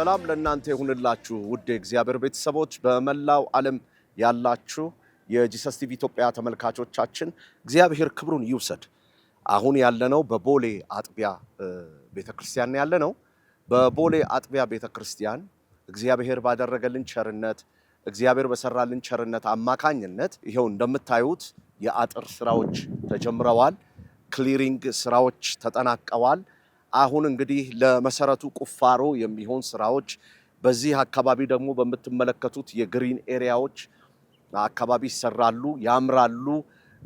ሰላም ለእናንተ ይሁንላችሁ ውድ እግዚአብሔር ቤተሰቦች በመላው ዓለም ያላችሁ የጂሰስ ቲቪ ኢትዮጵያ ተመልካቾቻችን እግዚአብሔር ክብሩን ይውሰድ። አሁን ያለነው በቦሌ አጥቢያ ቤተክርስቲያን ያለ ነው። በቦሌ አጥቢያ ቤተክርስቲያን እግዚአብሔር ባደረገልን ቸርነት እግዚአብሔር በሰራልን ቸርነት አማካኝነት ይኸው እንደምታዩት የአጥር ስራዎች ተጀምረዋል። ክሊሪንግ ስራዎች ተጠናቀዋል። አሁን እንግዲህ ለመሰረቱ ቁፋሮ የሚሆን ስራዎች በዚህ አካባቢ ደግሞ በምትመለከቱት የግሪን ኤሪያዎች አካባቢ ይሰራሉ፣ ያምራሉ።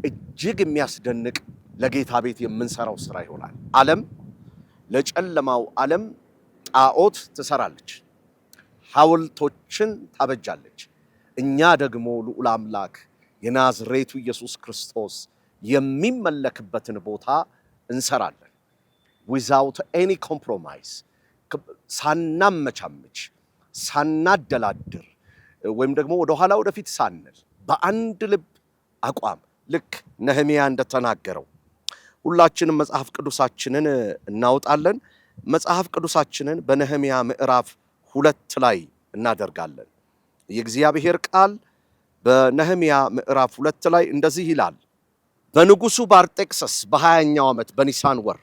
እጅግ የሚያስደንቅ ለጌታ ቤት የምንሰራው ስራ ይሆናል። ዓለም ለጨለማው ዓለም ጣዖት ትሰራለች፣ ሐውልቶችን ታበጃለች። እኛ ደግሞ ልዑል አምላክ የናዝሬቱ ኢየሱስ ክርስቶስ የሚመለክበትን ቦታ እንሰራለን። ዊዛውት ኤኒ ኮምፕሮማይዝ ሳናመቻመች ሳናደላድር ወይም ደግሞ ወደኋላ ወደፊት ሳንል በአንድ ልብ አቋም ልክ ነህሚያ እንደተናገረው ሁላችንም መጽሐፍ ቅዱሳችንን እናወጣለን። መጽሐፍ ቅዱሳችንን በነህሚያ ምዕራፍ ሁለት ላይ እናደርጋለን። የእግዚአብሔር ቃል በነህሚያ ምዕራፍ ሁለት ላይ እንደዚህ ይላል። በንጉሡ ባርጤክሰስ በሀያኛው ዓመት በኒሳን ወር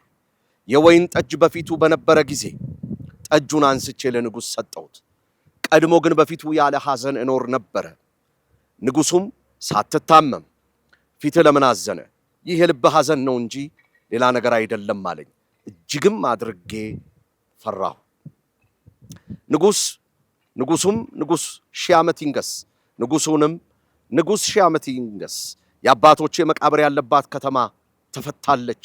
የወይን ጠጅ በፊቱ በነበረ ጊዜ ጠጁን አንስቼ ለንጉሥ ሰጠሁት። ቀድሞ ግን በፊቱ ያለ ሐዘን እኖር ነበረ። ንጉሡም ሳትታመም ፊትህ ለምን አዘነ? ይህ የልብ ሐዘን ነው እንጂ ሌላ ነገር አይደለም አለኝ። እጅግም አድርጌ ፈራሁ። ንጉሥ ንጉሱም ንጉሥ ሺህ ዓመት ይንገስ፣ ንጉሱንም ንጉሥ ሺህ ዓመት ይንገስ። የአባቶቼ መቃብር ያለባት ከተማ ተፈታለች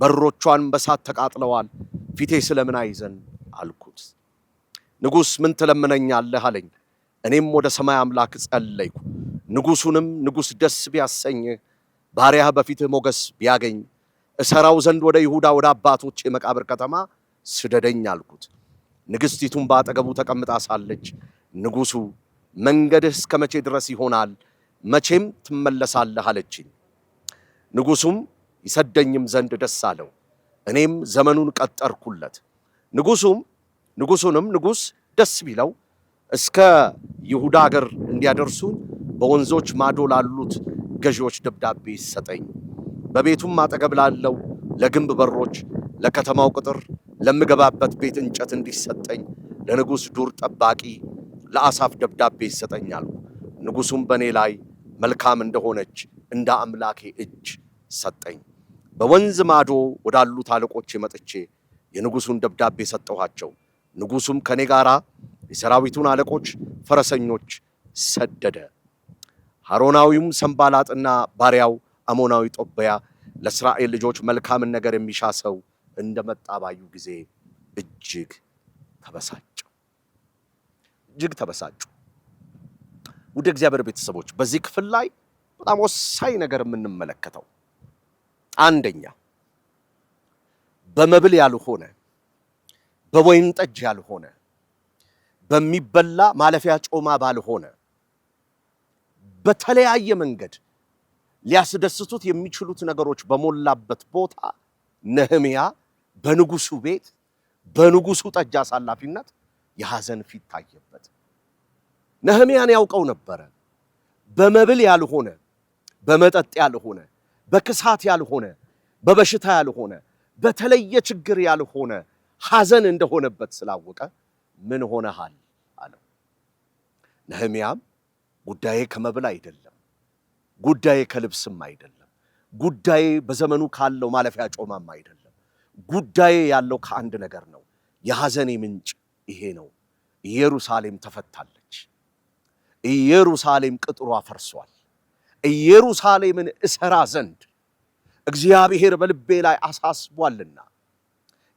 በሮቿን በሳት ተቃጥለዋል። ፊቴ ስለምን አይዘን አልኩት። ንጉሥ ምን ትለምነኛለህ አለኝ። እኔም ወደ ሰማይ አምላክ ጸለይኩ። ንጉሡንም ንጉሥ ደስ ቢያሰኝህ፣ ባሪያህ በፊትህ ሞገስ ቢያገኝ እሰራው ዘንድ ወደ ይሁዳ ወደ አባቶች የመቃብር ከተማ ስደደኝ አልኩት። ንግሥቲቱም በአጠገቡ ተቀምጣ ሳለች ንጉሡ መንገድህ እስከ መቼ ድረስ ይሆናል? መቼም ትመለሳለህ አለችኝ። ንጉሡም ይሰደኝም ዘንድ ደስ አለው። እኔም ዘመኑን ቀጠርኩለት። ንጉሱም ንጉሱንም ንጉስ ደስ ቢለው እስከ ይሁዳ አገር እንዲያደርሱኝ በወንዞች ማዶ ላሉት ገዢዎች ደብዳቤ ይሰጠኝ። በቤቱም አጠገብ ላለው ለግንብ በሮች፣ ለከተማው ቅጥር፣ ለምገባበት ቤት እንጨት እንዲሰጠኝ ለንጉሥ ዱር ጠባቂ ለአሳፍ ደብዳቤ ይሰጠኛል። ንጉሱም በእኔ ላይ መልካም እንደሆነች እንደ አምላኬ እጅ ሰጠኝ። በወንዝ ማዶ ወዳሉት አለቆቼ መጥቼ የንጉሱን ደብዳቤ ሰጠኋቸው። ንጉሱም ከእኔ ጋር የሰራዊቱን አለቆች ፈረሰኞች ሰደደ። ሐሮናዊውም ሰንባላጥና ባሪያው አሞናዊ ጦበያ ለእስራኤል ልጆች መልካምን ነገር የሚሻ ሰው እንደመጣ ባዩ ጊዜ እጅግ ተበሳጩ። እጅግ ተበሳጩ። ውድ እግዚአብሔር ቤተሰቦች በዚህ ክፍል ላይ በጣም ወሳኝ ነገር የምንመለከተው አንደኛ በመብል ያልሆነ በወይን ጠጅ ያልሆነ በሚበላ ማለፊያ ጮማ ባልሆነ በተለያየ መንገድ ሊያስደስቱት የሚችሉት ነገሮች በሞላበት ቦታ ነህምያ በንጉሱ ቤት በንጉሱ ጠጅ አሳላፊነት የሐዘን ፊት ታየበት። ነህምያን ያውቀው ነበረ። በመብል ያልሆነ በመጠጥ ያልሆነ በክሳት ያልሆነ በበሽታ ያልሆነ በተለየ ችግር ያልሆነ ሐዘን እንደሆነበት ስላወቀ ምን ሆነሃል አለው። ነህምያም ጉዳዬ ከመብል አይደለም፣ ጉዳዬ ከልብስም አይደለም፣ ጉዳዬ በዘመኑ ካለው ማለፊያ ጮማም አይደለም። ጉዳዬ ያለው ከአንድ ነገር ነው። የሐዘኔ ምንጭ ይሄ ነው። ኢየሩሳሌም ተፈታለች። ኢየሩሳሌም ቅጥሯ ፈርሷል። ኢየሩሳሌምን እሰራ ዘንድ እግዚአብሔር በልቤ ላይ አሳስቧልና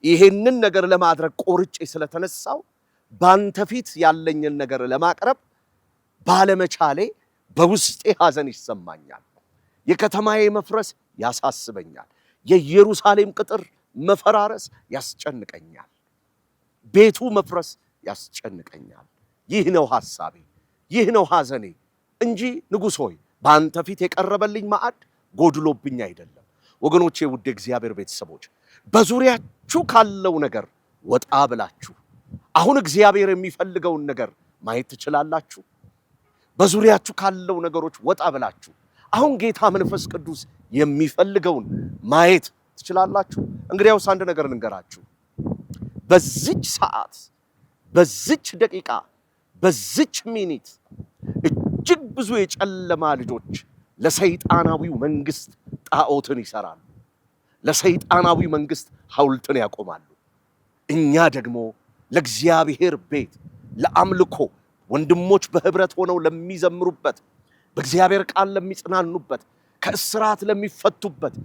ይሄንን ነገር ለማድረግ ቆርጬ ስለተነሳው ባንተ ፊት ያለኝን ነገር ለማቅረብ ባለመቻሌ በውስጤ ሐዘን ይሰማኛል። የከተማዬ መፍረስ ያሳስበኛል። የኢየሩሳሌም ቅጥር መፈራረስ ያስጨንቀኛል። ቤቱ መፍረስ ያስጨንቀኛል። ይህ ነው ሐሳቤ፣ ይህ ነው ሐዘኔ እንጂ ንጉሥ ሆይ በአንተ ፊት የቀረበልኝ ማዕድ ጎድሎብኝ አይደለም። ወገኖቼ፣ ውድ እግዚአብሔር ቤተሰቦች በዙሪያችሁ ካለው ነገር ወጣ ብላችሁ አሁን እግዚአብሔር የሚፈልገውን ነገር ማየት ትችላላችሁ። በዙሪያችሁ ካለው ነገሮች ወጣ ብላችሁ አሁን ጌታ መንፈስ ቅዱስ የሚፈልገውን ማየት ትችላላችሁ። እንግዲያውስ አንድ ነገር ልንገራችሁ። በዚች ሰዓት፣ በዚች ደቂቃ፣ በዚች ሚኒት እጅግ ብዙ የጨለማ ልጆች ለሰይጣናዊው መንግስት ጣዖትን ይሰራሉ። ለሰይጣናዊ መንግስት ሐውልትን ያቆማሉ። እኛ ደግሞ ለእግዚአብሔር ቤት ለአምልኮ ወንድሞች በህብረት ሆነው ለሚዘምሩበት በእግዚአብሔር ቃል ለሚጽናኑበት ከእስራት ለሚፈቱበት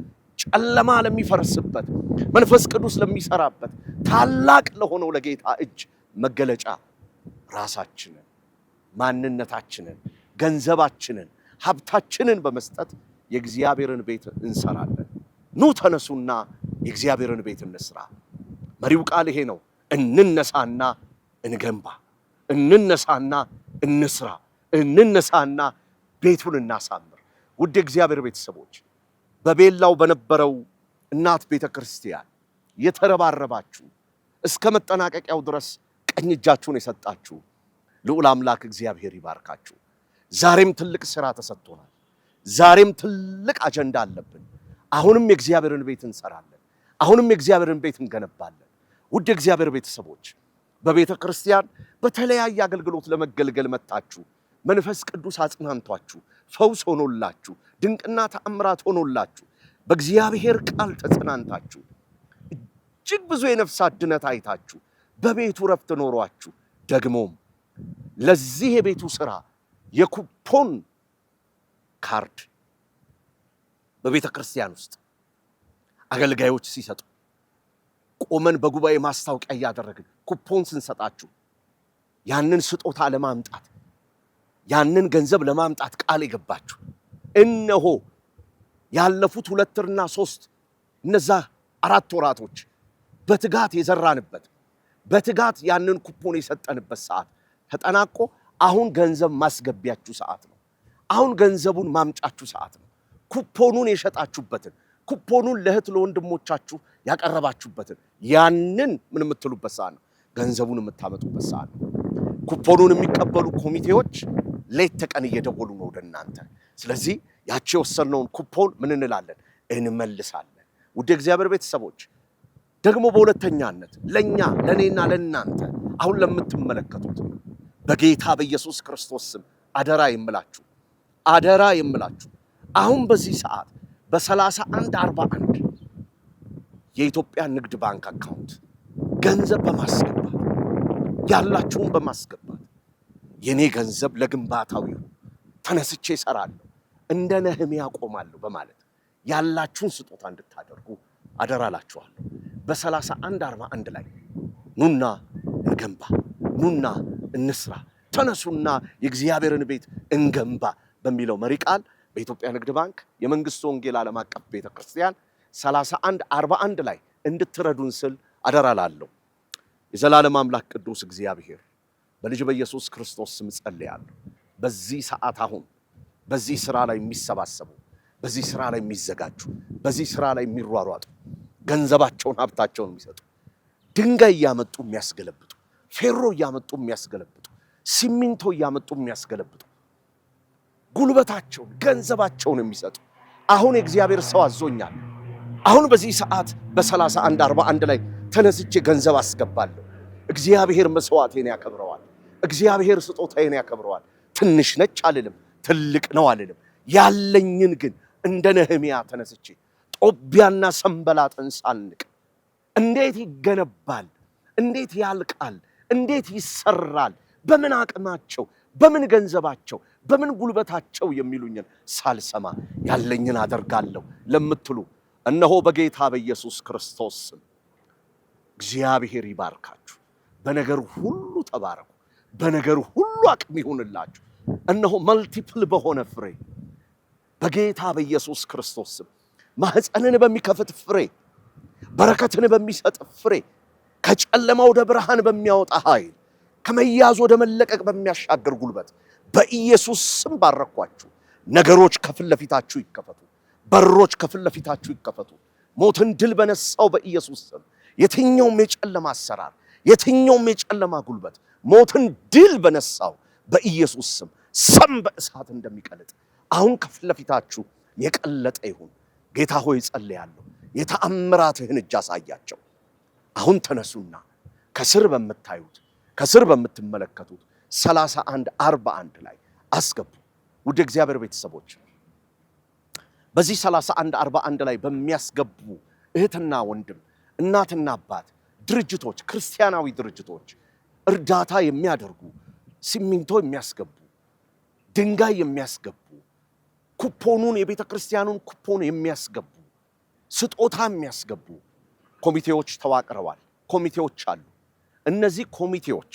ጨለማ ለሚፈርስበት መንፈስ ቅዱስ ለሚሰራበት ታላቅ ለሆነው ለጌታ እጅ መገለጫ ራሳችንን ማንነታችንን ገንዘባችንን፣ ሀብታችንን በመስጠት የእግዚአብሔርን ቤት እንሰራለን። ኑ ተነሱና የእግዚአብሔርን ቤት እንስራ። መሪው ቃል ይሄ ነው። እንነሳና እንገንባ፣ እንነሳና እንስራ፣ እንነሳና ቤቱን እናሳምር። ውድ የእግዚአብሔር ቤተሰቦች በቤላው በነበረው እናት ቤተ ክርስቲያን የተረባረባችሁ እስከ መጠናቀቂያው ድረስ ቀኝ እጃችሁን የሰጣችሁ ልዑል አምላክ እግዚአብሔር ይባርካችሁ። ዛሬም ትልቅ ስራ ተሰጥቶናል። ዛሬም ትልቅ አጀንዳ አለብን። አሁንም የእግዚአብሔርን ቤት እንሰራለን። አሁንም የእግዚአብሔርን ቤት እንገነባለን። ውድ የእግዚአብሔር ቤተሰቦች በቤተ ክርስቲያን በተለያየ አገልግሎት ለመገልገል መጥታችሁ መንፈስ ቅዱስ አጽናንቷችሁ ፈውስ ሆኖላችሁ ድንቅና ተአምራት ሆኖላችሁ በእግዚአብሔር ቃል ተጽናንታችሁ እጅግ ብዙ የነፍስ አድነት አይታችሁ በቤቱ ረፍት ኖሯችሁ ደግሞም ለዚህ የቤቱ ሥራ የኩፖን ካርድ በቤተ ክርስቲያን ውስጥ አገልጋዮች ሲሰጡ ቆመን በጉባኤ ማስታወቂያ እያደረግን ኩፖን ስንሰጣችሁ ያንን ስጦታ ለማምጣት ያንን ገንዘብ ለማምጣት ቃል የገባችሁ እነሆ ያለፉት ሁለትና ሶስት እነዛ አራት ወራቶች በትጋት የዘራንበት በትጋት ያንን ኩፖን የሰጠንበት ሰዓት ተጠናቆ አሁን ገንዘብ ማስገቢያችሁ ሰዓት ነው። አሁን ገንዘቡን ማምጫችሁ ሰዓት ነው። ኩፖኑን የሸጣችሁበትን ኩፖኑን ለእህት ለወንድሞቻችሁ ያቀረባችሁበትን ያንን ምን የምትሉበት ሰዓት ነው። ገንዘቡን የምታመጡበት ሰዓት ነው። ኩፖኑን የሚቀበሉ ኮሚቴዎች ሌት ተቀን እየደወሉ ነው ወደ እናንተ። ስለዚህ ያቺ የወሰነውን ኩፖን ምን እንላለን? እንመልሳለን። ውድ እግዚአብሔር ቤተሰቦች ደግሞ በሁለተኛነት ለእኛ ለእኔና ለእናንተ አሁን ለምትመለከቱት በጌታ በኢየሱስ ክርስቶስ ስም አደራ የምላችሁ አደራ የምላችሁ አሁን በዚህ ሰዓት በሰላሳ አንድ አርባ አንድ የኢትዮጵያ ንግድ ባንክ አካውንት ገንዘብ በማስገባት ያላችሁን በማስገባት የእኔ ገንዘብ ለግንባታው ተነስቼ እሰራለሁ እንደ ነህምያ ቆማለሁ በማለት ያላችሁን ስጦታ እንድታደርጉ አደራላችኋለሁ። በሰላሳ አንድ አርባ አንድ ላይ ኑና እንገንባ ኑና እንስራ፣ ተነሱና የእግዚአብሔርን ቤት እንገንባ በሚለው መሪ ቃል በኢትዮጵያ ንግድ ባንክ የመንግስት ወንጌል ዓለም አቀፍ ቤተ ክርስቲያን 31 41 ላይ እንድትረዱን ስል አደራላለሁ። የዘላለም አምላክ ቅዱስ እግዚአብሔር በልጅ በኢየሱስ ክርስቶስ ስም ጸልያለሁ። በዚህ ሰዓት አሁን በዚህ ስራ ላይ የሚሰባሰቡ በዚህ ስራ ላይ የሚዘጋጁ በዚህ ስራ ላይ የሚሯሯጡ ገንዘባቸውን ሀብታቸውን የሚሰጡ ድንጋይ እያመጡ የሚያስገለብጡ ፌሮ እያመጡ የሚያስገለብጡ፣ ሲሚንቶ እያመጡ የሚያስገለብጡ፣ ጉልበታቸውን ገንዘባቸውን የሚሰጡ አሁን የእግዚአብሔር ሰው አዞኛል። አሁን በዚህ ሰዓት በ31 41 ላይ ተነስቼ ገንዘብ አስገባለሁ። እግዚአብሔር መስዋዕቴን ያከብረዋል። እግዚአብሔር ስጦታዬን ያከብረዋል። ትንሽ ነች አልልም፣ ትልቅ ነው አልልም። ያለኝን ግን እንደ ነህሚያ ተነስቼ ጦቢያና ሰንበላጥን ሳልንቅ እንዴት ይገነባል፣ እንዴት ያልቃል፣ እንዴት ይሰራል? በምን አቅማቸው፣ በምን ገንዘባቸው፣ በምን ጉልበታቸው የሚሉኝን ሳልሰማ ያለኝን አደርጋለሁ ለምትሉ እነሆ በጌታ በኢየሱስ ክርስቶስ ስም እግዚአብሔር ይባርካችሁ። በነገር ሁሉ ተባረኩ። በነገር ሁሉ አቅም ይሁንላችሁ። እነሆ መልቲፕል በሆነ ፍሬ በጌታ በኢየሱስ ክርስቶስ ስም ማህፀንን በሚከፍት ፍሬ፣ በረከትን በሚሰጥ ፍሬ ከጨለማ ወደ ብርሃን በሚያወጣ ኃይል ከመያዝ ወደ መለቀቅ በሚያሻገር ጉልበት በኢየሱስ ስም ባረኳችሁ። ነገሮች ከፊት ለፊታችሁ ይከፈቱ። በሮች ከፊት ለፊታችሁ ይከፈቱ። ሞትን ድል በነሳው በኢየሱስ ስም የትኛውም የጨለማ አሰራር፣ የትኛውም የጨለማ ጉልበት ሞትን ድል በነሳው በኢየሱስ ስም ሰም በእሳት እንደሚቀልጥ አሁን ከፊት ለፊታችሁ የቀለጠ ይሁን። ጌታ ሆይ ጸልያለሁ፣ የተአምራትህን እጅ አሳያቸው። አሁን ተነሱና ከስር በምታዩት ከስር በምትመለከቱት 31 41 ላይ አስገቡ። ውድ እግዚአብሔር ቤተሰቦች በዚህ 31 41 ላይ በሚያስገቡ እህትና ወንድም፣ እናትና አባት ድርጅቶች፣ ክርስቲያናዊ ድርጅቶች እርዳታ የሚያደርጉ ሲሚንቶ የሚያስገቡ ድንጋይ የሚያስገቡ ኩፖኑን የቤተ ክርስቲያኑን ኩፖን የሚያስገቡ ስጦታ የሚያስገቡ ኮሚቴዎች ተዋቅረዋል። ኮሚቴዎች አሉ። እነዚህ ኮሚቴዎች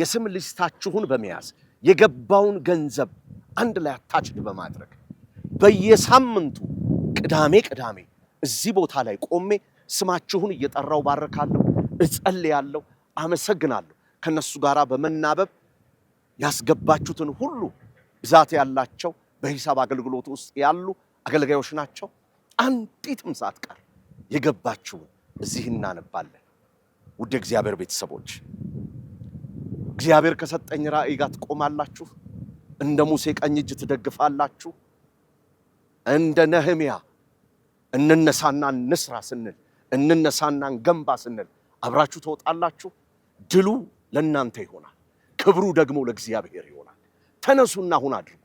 የስም ሊስታችሁን በመያዝ የገባውን ገንዘብ አንድ ላይ አታጭድ በማድረግ በየሳምንቱ ቅዳሜ ቅዳሜ እዚህ ቦታ ላይ ቆሜ ስማችሁን እየጠራው ባርካለሁ፣ እጸልያለሁ፣ አመሰግናለሁ። ከነሱ ጋር በመናበብ ያስገባችሁትን ሁሉ ብዛት ያላቸው በሂሳብ አገልግሎት ውስጥ ያሉ አገልጋዮች ናቸው። አንዲትም ሳትቀር የገባችሁን እዚህ እናነባለን። ውድ እግዚአብሔር ቤተሰቦች እግዚአብሔር ከሰጠኝ ራእይ ጋር ትቆማላችሁ። እንደ ሙሴ ቀኝ እጅ ትደግፋላችሁ። እንደ ነህምያ እንነሳና እንስራ ስንል እንነሳና እንገንባ ስንል አብራችሁ ትወጣላችሁ። ድሉ ለእናንተ ይሆናል፣ ክብሩ ደግሞ ለእግዚአብሔር ይሆናል። ተነሱና አሁን አድርጉ፣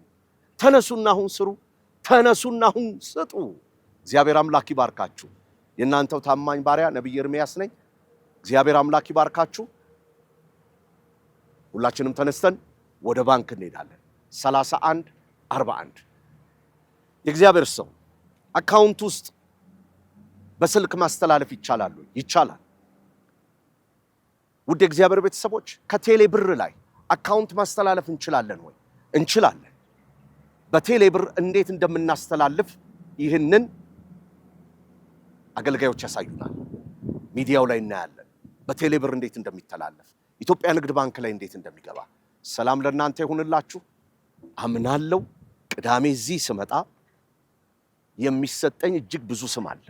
ተነሱና አሁን ስሩ፣ ተነሱና አሁን ስጡ። እግዚአብሔር አምላክ ይባርካችሁ። የእናንተው ታማኝ ባሪያ ነቢይ ኤርምያስ ነኝ። እግዚአብሔር አምላክ ይባርካችሁ። ሁላችንም ተነስተን ወደ ባንክ እንሄዳለን። 31 41 የእግዚአብሔር ሰው አካውንት ውስጥ በስልክ ማስተላለፍ ይቻላሉ? ይቻላል። ውድ የእግዚአብሔር ቤተሰቦች ከቴሌ ብር ላይ አካውንት ማስተላለፍ እንችላለን ወይ? እንችላለን። በቴሌ ብር እንዴት እንደምናስተላልፍ ይህንን አገልጋዮች ያሳዩናል። ሚዲያው ላይ እናያለን። በቴሌብር እንዴት እንደሚተላለፍ ኢትዮጵያ ንግድ ባንክ ላይ እንዴት እንደሚገባ። ሰላም ለእናንተ ይሁንላችሁ። አምናለው ቅዳሜ እዚህ ስመጣ የሚሰጠኝ እጅግ ብዙ ስም አለ።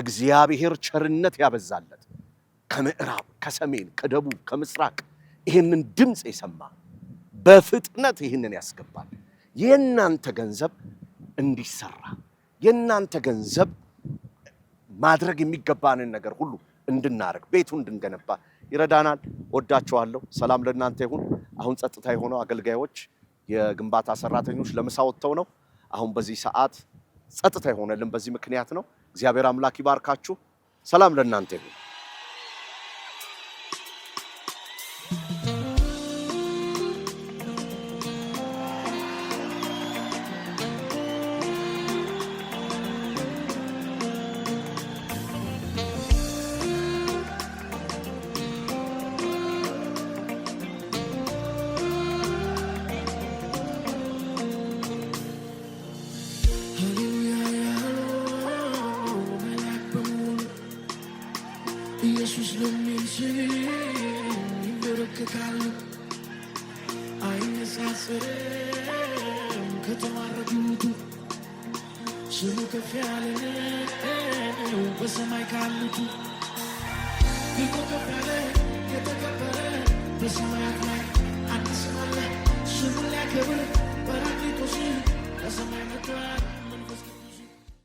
እግዚአብሔር ቸርነት ያበዛለት ከምዕራብ፣ ከሰሜን፣ ከደቡብ፣ ከምስራቅ ይህንን ድምፅ የሰማ በፍጥነት ይህንን ያስገባል። የእናንተ ገንዘብ እንዲሰራ የእናንተ ገንዘብ ማድረግ የሚገባንን ነገር ሁሉ እንድናደርግ ቤቱ እንድንገነባ ይረዳናል። ወዳችኋለሁ። ሰላም ለእናንተ ይሁን። አሁን ጸጥታ የሆነው አገልጋዮች፣ የግንባታ ሰራተኞች ለምሳ ወጥተው ነው። አሁን በዚህ ሰዓት ጸጥታ የሆነልን በዚህ ምክንያት ነው። እግዚአብሔር አምላክ ይባርካችሁ። ሰላም ለእናንተ ይሁን። ኢየሱስ ለሚል ስም ይንበረከካል፣ አይነሳሰርም ከተማረኩት ስሙ ከፍ ያለ ነው በሰማይ ካሉት ልቆ ከፍ ያለ የተከበረ በሰማያት ላይ አንድ ስም አለ ስሙን ሊያከብር በራክሊጦስ ከሰማይ መጥቷል።